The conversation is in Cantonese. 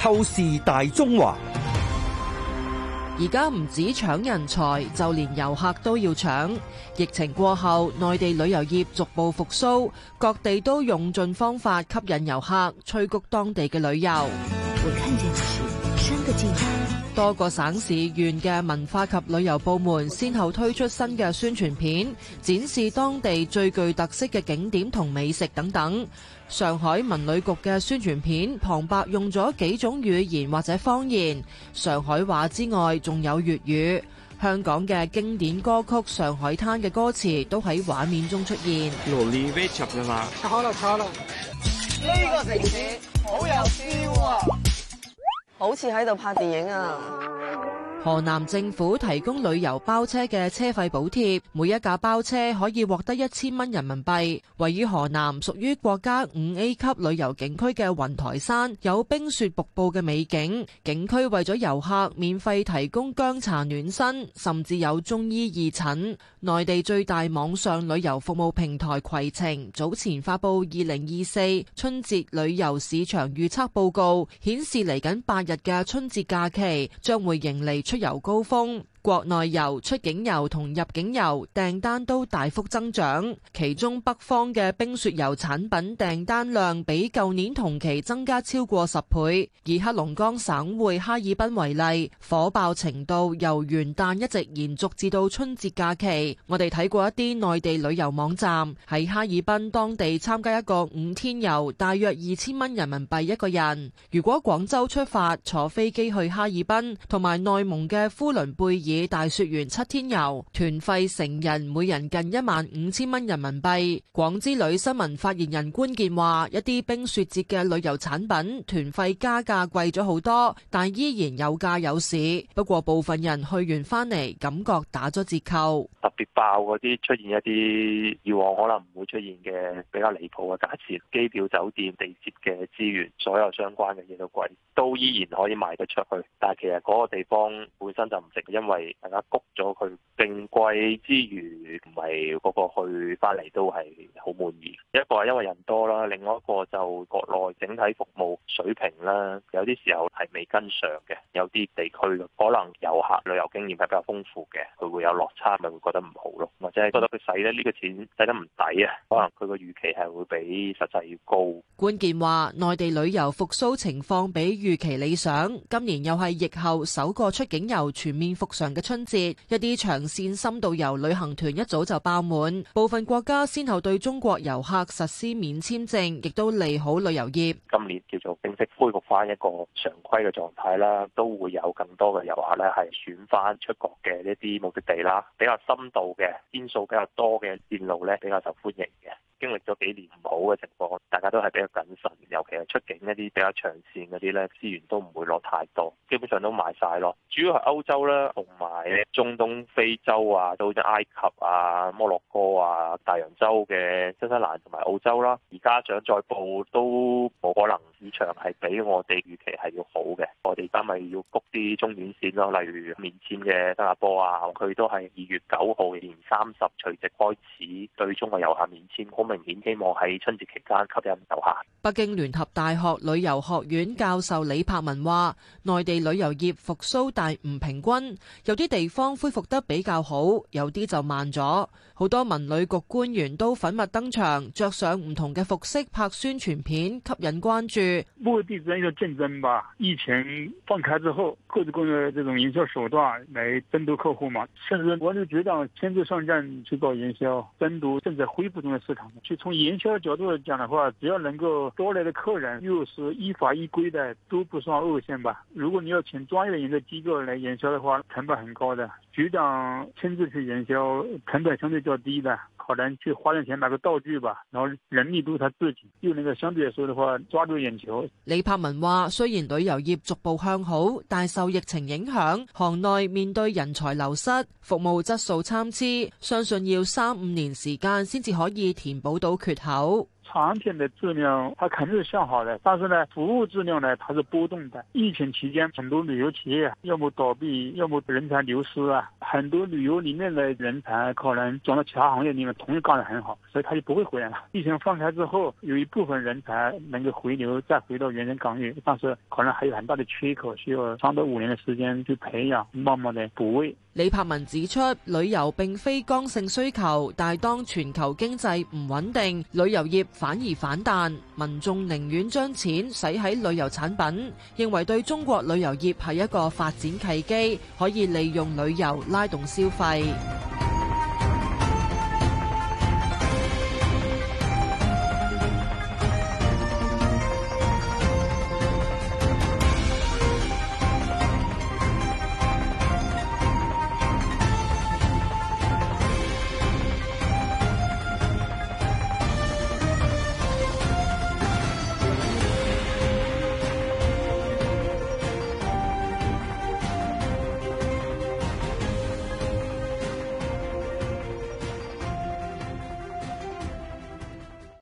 透視大中華，而家唔止搶人才，就連遊客都要搶。疫情過後，內地旅遊業逐步復蘇，各地都用盡方法吸引遊客，催谷當地嘅旅遊。我看多個省市縣嘅文化及旅遊部門先後推出新嘅宣傳片，展示當地最具特色嘅景點同美食等等。上海文旅局嘅宣傳片旁白用咗幾種語言或者方言，上海話之外，仲有粵語。香港嘅經典歌曲《上海灘》嘅歌詞都喺畫面中出現。呢個城市好有 feel 啊！好似喺度拍電影啊！河南政府提供旅遊包車嘅車費補貼，每一架包車可以獲得一千蚊人民幣。位於河南屬於國家五 A 級旅遊景區嘅雲台山，有冰雪瀑布嘅美景。景區為咗遊客免費提供姜茶暖身，甚至有中醫義診。內地最大網上旅遊服務平台携程早前發布2024春節旅遊市場預測報告，顯示嚟緊八日嘅春節假期將會迎嚟出遊高峰。國內遊、出境遊同入境遊訂單都大幅增長，其中北方嘅冰雪遊產品訂單量比舊年同期增加超過十倍。以黑龍江省會哈爾濱為例，火爆程度由元旦一直延續至到春節假期。我哋睇過一啲內地旅遊網站，喺哈爾濱當地參加一個五天遊，大約二千蚊人民幣一個人。如果廣州出發坐飛機去哈爾濱，同埋內蒙嘅呼倫貝爾。以大雪原七天遊團費成人每人近一萬五千蚊人民幣，廣之旅新聞發言人關健話：一啲冰雪節嘅旅遊產品團費加價貴咗好多，但依然有價有市。不過部分人去完翻嚟感覺打咗折扣，特別爆嗰啲出現一啲以往可能唔會出現嘅比較離譜嘅價錢，機票、酒店、地接嘅資源，所有相關嘅嘢都貴，都依然可以賣得出去。但係其實嗰個地方本身就唔值，因為大家谷咗佢定貴之餘。唔係嗰個去返嚟都係好滿意。一個係因為人多啦，另外一個就國內整體服務水平啦，有啲時候係未跟上嘅。有啲地區可能遊客旅遊經驗係比較豐富嘅，佢會有落差，咪會覺得唔好咯。或者係覺得佢使得呢個錢使得唔抵啊。可能佢個預期係會比實際要高。關鍵話，內地旅遊復蘇情況比預期理想。今年又係疫後首個出境遊全面復常嘅春節，一啲長線深度遊旅行團，一早就爆滿，部分國家先後對中國遊客實施免簽證，亦都利好旅遊業。今年叫做正式恢復翻一個常規嘅狀態啦，都會有更多嘅遊客咧係選翻出國嘅呢啲目的地啦，比較深度嘅天數比較多嘅線路咧比較受歡迎嘅。經歷咗幾年唔好嘅情況，大家都係比較謹慎，尤其係出境一啲比較長線嗰啲咧，資源都唔會落太多，基本上都賣晒咯。主要係歐洲啦，同埋中東、非洲啊，都好似埃及啊。啊，摩洛哥啊、大洋洲嘅新西蘭同埋澳洲啦，而家長再報都冇可能，市場係比我哋預期係要好嘅。我哋而家咪要谷啲中遠線咯，例如免簽嘅新加坡啊，佢都係二月九號年三十除夕開始對中國遊客免簽，好明顯希望喺春節期間吸引遊客。北京聯合大學旅遊學院教授李柏文話內地旅遊業復蘇，但唔平均，有啲地方恢復得比較好，有啲就慢咗。好多文旅局官員都粉墨登場，着上唔同嘅服飾拍宣傳片，吸引關注。目的地之間要競爭吧，疫情放開之後，各自用嘅這種營銷手段來爭奪客戶嘛。甚至我哋局長親自上陣去搞營銷，爭奪正在恢復中的市場。就從營銷角度嚟講的話，只要能夠多來的客人，又是依法依規的，都不算惡性吧。如果你要請專業的營銷機構來營銷的話，成本很高的。局長親自去營銷。成本相對較低的，可能去花點錢買個道具吧，然後人力都是他自己又那個相對來說的話，抓住眼球。李柏文話：雖然旅遊業逐步向好，但受疫情影響，行內面對人才流失、服務質素參差，相信要三五年時間先至可以填補到缺口。產品的質量，它肯定是向好的，但是呢，服務質量呢，它是波動的。疫情期間，很多旅遊企業要麼倒閉，要麼人才流失啊。很多旅遊裡面的人才，可能轉到其他行業裡面，同樣幹得很好，所以他就不會回來了。疫情放開之後，有一部分人才能夠回流，再回到原生崗位，但是可能還有很大的缺口，需要三到五年的時間去培養，慢慢地補位。李柏文指出，旅遊並非剛性需求，但當全球經濟唔穩定，旅遊業反而反彈，民眾寧願將錢使喺旅遊產品，認為對中國旅遊業係一個發展契機，可以利用旅遊拉動消費。